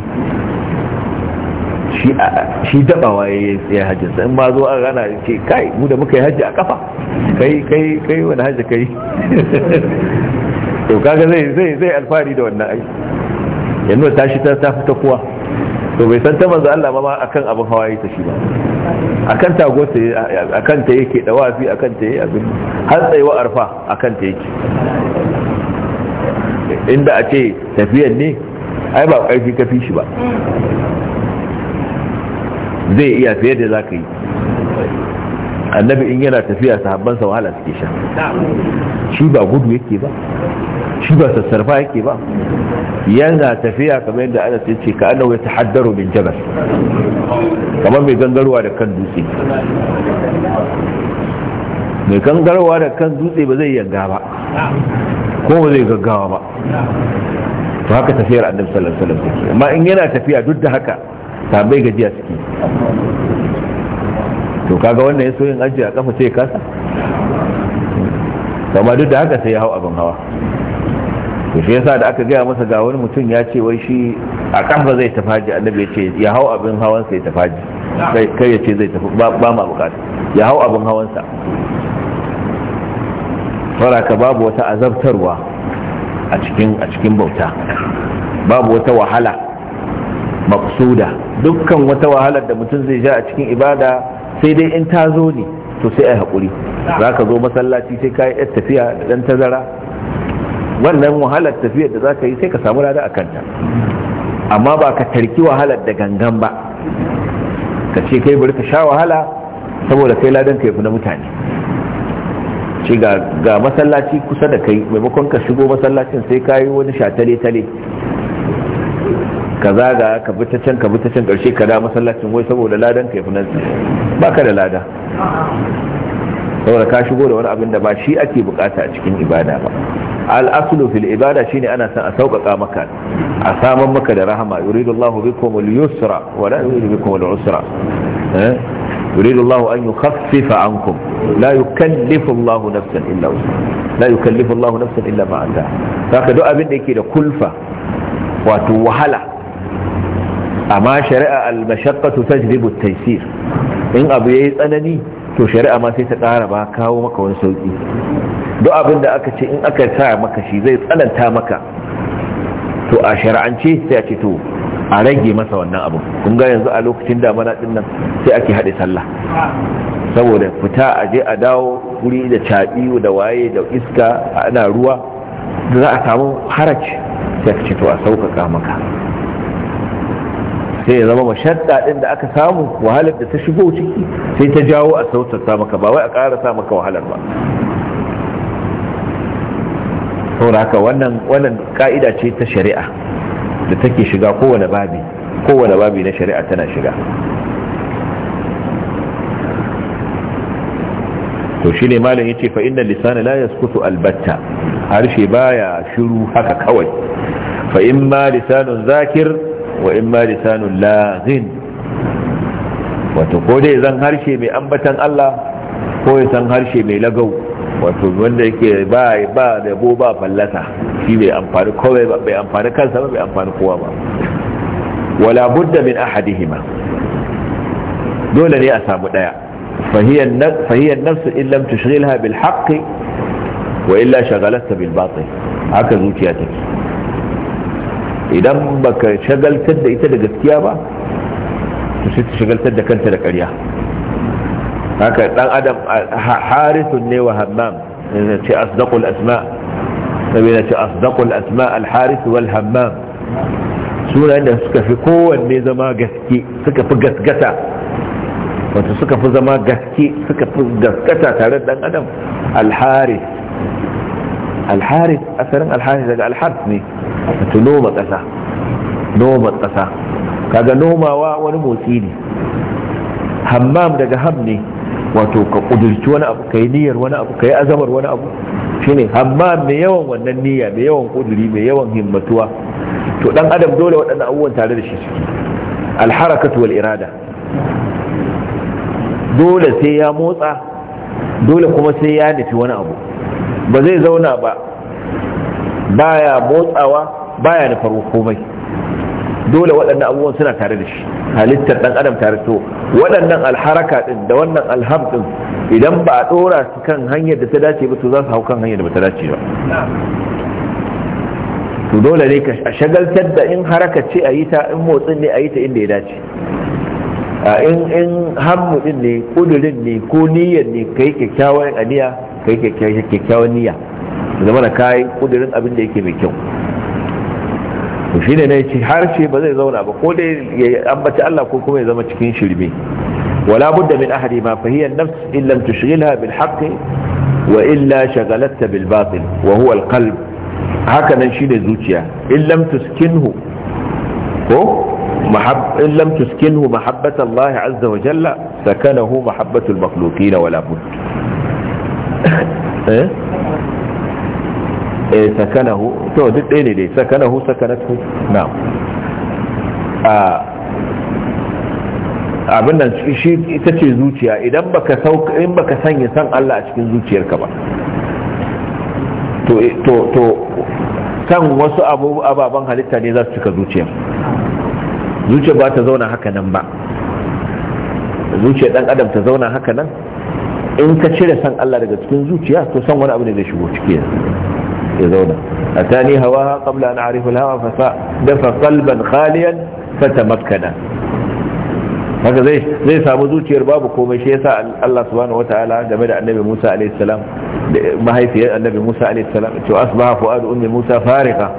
shi dabawa ya yi hajji sai ma ba zo a gana ce kai mu da muka yi hajji a kafa kai kai kai wani hajji kai *laughs* to kaga zai zai zai alfari da wannan ai yanzu tashi shi ta fita kowa to bai san ta manzo Allah ba ma akan abin hawa ya shi ba akan ta tagota akan ta yake wafi akan ta yake abin har tsayuwa arfa akan ta yake inda a ce tafiyan ne ai ba karfi ka fi shi ba zai iya fiye da za ka yi annabi in yana tafiya sahabbansa wahala suke sha shi ba gudu yake ba shi ba sassarfa yake ba yana tafiya kamar yadda ana sai ce ka wai ya haddaro min jabal kamar mai gangarwa da kan dutse mai gangarwa da kan dutse ba zai yanga ba ko ba zai gaggawa ba to haka tafiyar annabi sallallahu alaihi wasallam take amma in yana tafiya duk da haka bai gajiya suke to kaga wannan ya so yin aji a kafa sai kasa amma duk da haka sai ya hau abin hawa to shi yasa da aka gaya masa ga wani mutum ya ce wai shi a kafa zai tafaji haji annabi ya ce ya hau abin hawan sa ya tafaji haji kai ya ce zai tafi ba ma bukata ya hau abin hawan sa ka babu wata azabtarwa a cikin a cikin bauta babu wata wahala maksuda dukkan wata wahalar da mutum zai ja a cikin ibada sai dai in ta zo ne to sai ai hakuri za ka zo masallaci sai ka yi tafiya da ɗan tazara wannan wahalar tafiyar da za ka yi sai ka samu rada a kanta amma ba ka tarki wahalar da gangan ba ka ce kai bari ka sha wahala saboda kai ladan ka yafi na mutane ce ga masallaci kusa da kai maimakon ka shigo masallacin sai ka yi wani shatale-tale ka zaga ka bita can ka bita can karshe ka da masallacin wai saboda ladan ka yafi nan ba ka da lada saboda ka shigo da wani abin da ba shi ake bukata a cikin ibada ba al'aslu fil ibada shine ana san a sauƙaƙa maka a saman maka da rahama yuridu Allahu bikum al-yusra wa la yuridu bikum al-usra يريد الله أن يخفف عنكم لا يكلف الله نفسا إلا وسعها لا يكلف الله نفسا da ما أتاها فهذا دعا بني كده كلفة وتوهلة أما شرع المشقة تجلب التيسير إن أبو tsanani, to shari'a ma sai ta ƙara ba kawo maka wani sauƙi duk abin da aka ce in aka sa maka shi zai tsananta maka to a shari'ance sai a ce to a rage masa wannan abin kun ga yanzu a lokacin damana din nan sai ake haɗe sallah saboda fita a je a dawo guri da caɓi da waye da iska ana ruwa da za a samu haraci sai ka ce to a sauƙaƙa maka sai ya zama mashadda ɗin da aka samu wahalar da ta shigo ciki sai ta jawo a sautata maka ba wai a ƙara sa maka wahalar ba saboda haka wannan wannan ka'ida ce ta shari'a da take shiga kowane babi kowane babi na shari'a tana shiga to shi ne malam yace fa inna lisana la yaskutu albatta harshe baya shiru haka kawai fa in ma lisanun zakir wa in ma lisanun lazin wato ko dai zan harshe mai ambatan Allah ko ya san harshe mai lagau wato wanda yake ba ba da bo ba fallasa shi bai amfani kowai ba bai amfani kansa ba bai amfani kowa ba wala budda min ahadihima dole ne a samu daya fahiya nafsu in lam tushghilha bil haqqi wa illa shaghalatha bil batil haka zuciya take idan baka shagaltar da ita da gaskiya ba to sai ta shagaltar da kanta da ƙarya haka dan adam harithun ne wa hammam yana ce asdaqul asma sabina ce asdaqul asma al wal hammam sunan da suka fi kowanne zama gaske suka fi gaskata wato suka fi zama gaske suka fi gaskata tare da dan adam al harith al asarin al daga al harth ne wato noma kasa noma kasa kaga nomawa wani motsi ne hammam daga ham ne wato ka kudurci wani abu ka yi niyyar wani abu ka yi azamar wani abu shine amma mai yawan wannan niyya mai yawan kuduri mai yawan himmatuwa to dan adam dole waɗannan abubuwan tare da shi suke alharakatu wal irada dole sai ya motsa dole kuma sai ya nufi wani abu ba zai zauna ba baya motsawa baya nufar komai dole waɗannan abubuwan suna tare da shi halittar ɗan adam tare to waɗannan alharaka ɗin da wannan alham ɗin idan ba a ɗora su kan hanyar da ta dace ba to za su hau kan hanyar da ba ta dace ba to dole ne ka shagaltar da in haraka ce a yi ta in motsin ne a yi ta inda ya dace in in hammu ɗin ne ƙudurin ne ko niyyar ne ka yi kyakkyawan aniya ka yi kyakkyawan niyya zama da kayi ƙudurin abin da yake mai kyau to shine ne ce harshe ba zai zauna ba ko dai ya ambaci Allah ko kuma ya zama cikin shirme wala budda min ahadi ma fa hiya an-nafs illa tushghilha bil haqq wa illa shaghalatta bil batil wa huwa al-qalb haka nan shine zuciya illam tuskinhu ko محب إن لم تسكنه محبة الله عز وجل سكنه محبة المخلوقين ولا بد Eh, sakanahu to duk ɗaya ne dai sakanahu sakanatu na'am a abin nan shi ita ce zuciya idan baka sauka in baka sanya san Allah a cikin zuciyarka ba to eh, to to san wasu abu ababan halitta ne za su cika zuciya zuciya ba ta zauna haka nan ba zuciya dan adam ta zauna haka nan in ka cire san Allah daga cikin zuciya to san wani abu ne zai shigo ciki yanzu ya zauna hawa fa sa haka zai zai samu zuciyar babu komai shi yasa Allah subhanahu wataala game da annabi Musa alayhi salam da mahaifiyar annabi Musa alayhi salam to asbaha fuad ummi Musa fariqa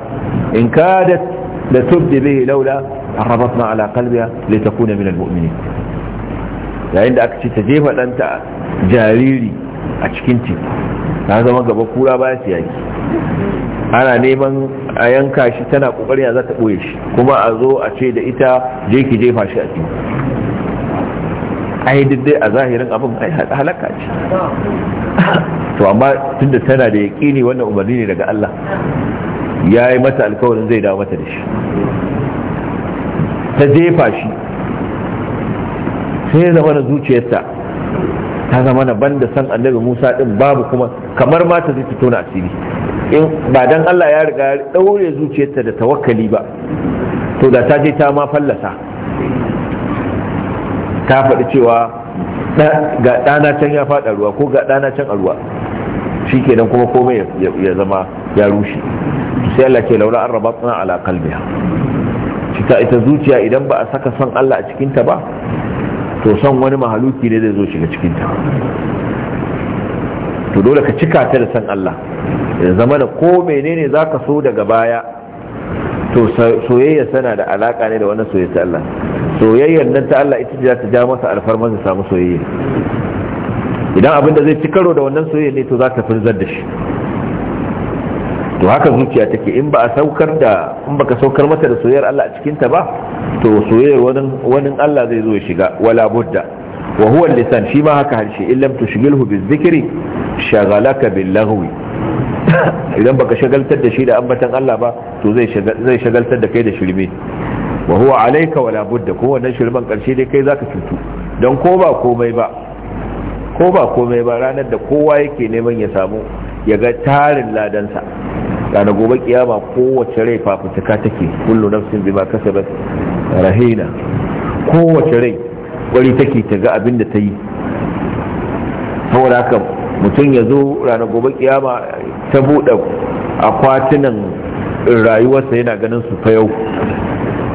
in kadat la tubdi bihi laula rabatna ala qalbiha litakuna min almu'minin yayin da aka ce ta jefa danta jariri a cikin teku ta zama gaba kura ba su yaki ana neman a yanka shi tana kokari a za ta ɓoye shi kuma a zo a ce da ita je ki jefa shi a ciki ai duk a zahirin abin ai halaka ce to amma tunda tana da yaƙini wannan umarni ne daga Allah ya yi mata alkawarin zai dawo mata da shi ta jefa shi sai ya zama na zuciyarta ta zama na banda san annabi musa din babu kuma kamar ma ta zai tona asiri in ba dan allah ya riga daure zuciyarta da tawakkali ba to da ta je ta ma fallasa ta faɗi cewa ga ɗana can ya faɗa ruwa ko ga ɗana can a ruwa shi kenan kuma komai ya zama ya rushe sai allah ke laura an tsana ala kalbiya Cika ita zuciya idan ba a saka son allah a cikinta ba to son wani mahaluki ne zai zo shiga cikin to dole ka cika ta da san Allah ya zama da ko menene za ka so daga baya to soyayya sana da alaka ne da wannan soyayya ta Allah soyayyar nan ta Allah ita ce za ta ja masa alfarma sa samu soyayya idan abin zai ci karo da wannan soyayya ne to za ka finzar da shi to haka zuciya take in ba a saukar da in baka saukar mata da soyayyar Allah a cikin ta ba to soyayyar wani wani Allah zai zo ya shiga wala budda wa huwa lisan shi ma haka harshe in lam tushghilhu bizikri shaghalaka bil lahwi idan baka shagaltar da shi da ambatan Allah ba to zai zai shagaltar da kai da shirme wa huwa alayka wala budda ko wannan shirman karshe dai kai zaka cutu don ko ba komai ba ko ba komai ba ranar da kowa yake neman ya samu ya ga tarin ladansa rana gobe kiyama kowace rai fafutuka take kullu nafsin bima kasabat rahina kowace rai kwari take ta ga abin da ta yi saboda haka mutum ya zo ranar gobe kiyama ta buɗe akwatunan rayuwarsa yana ganin su fa yau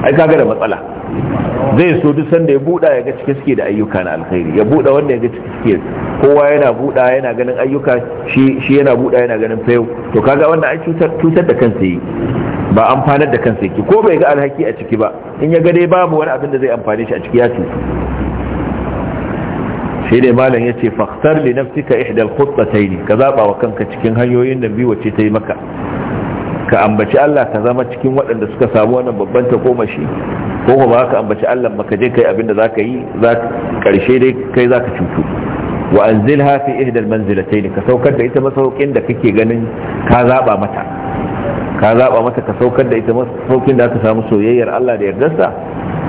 ai kaga da matsala zai so duk sanda ya buɗa ya ga cike suke da ayyuka na alkhairi ya buɗa wanda ya ga cike suke kowa yana buɗa yana ganin ayyuka shi yana buɗa yana ganin fayo to kaga wannan ai cutar da kansa yi ba amfanar da kansa yake ko bai ga alhaki a ciki ba in ya ga dai babu wani abin da zai amfane shi a ciki ya ci sai dai malam yace faktar li nafsika ihdal khuttatayn ka zaba wa kanka cikin hanyoyin da biyu wacce ta yi maka ka ambaci Allah ka zama cikin waɗanda suka samu wannan babban takomashi ko ba ka ambaci Allah ka je kai abinda zaka yi karshe dai kai zaka cutu wa anzilha fi ihda almanzilatayn ka saukar da ita masaukin da kake ganin ka zaba mata ka zaba mata ka saukar da ita masaukin da aka samu soyayyar Allah da yardarsa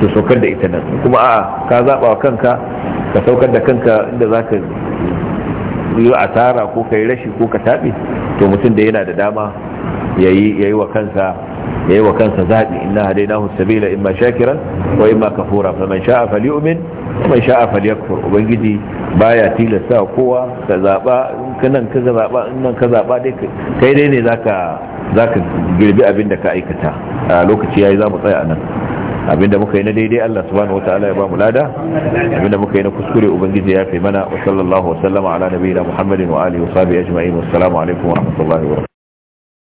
to saukar da ita nan kuma a ka zaba wa kanka ka saukar da kanka inda zaka yi asara ko ka yi rashi ko ka taɓe to mutum da yana da dama ya yi wa kansa zaɓi. ina wa na zaɓi in hadainahu sabila imma shakiran wa imma kafura faman sha'a falyu'min man sha'a falyakfur ubangiji baya tilasta kowa ka zaba kanan ka in nan ka zaɓa dai kai dai ne za ka girbi abin da ka aikata a lokaci yayi mu tsaya anan abinda muka yi na daidai Allah subhanahu wataala ya ba mu lada abinda muka yi na kuskure ubangiji ya fi mana wa sallallahu wa sallama ala nabiyina muhammadin wa alihi wa sahbihi ajma'in wassalamu alaikum wa rahmatullahi wa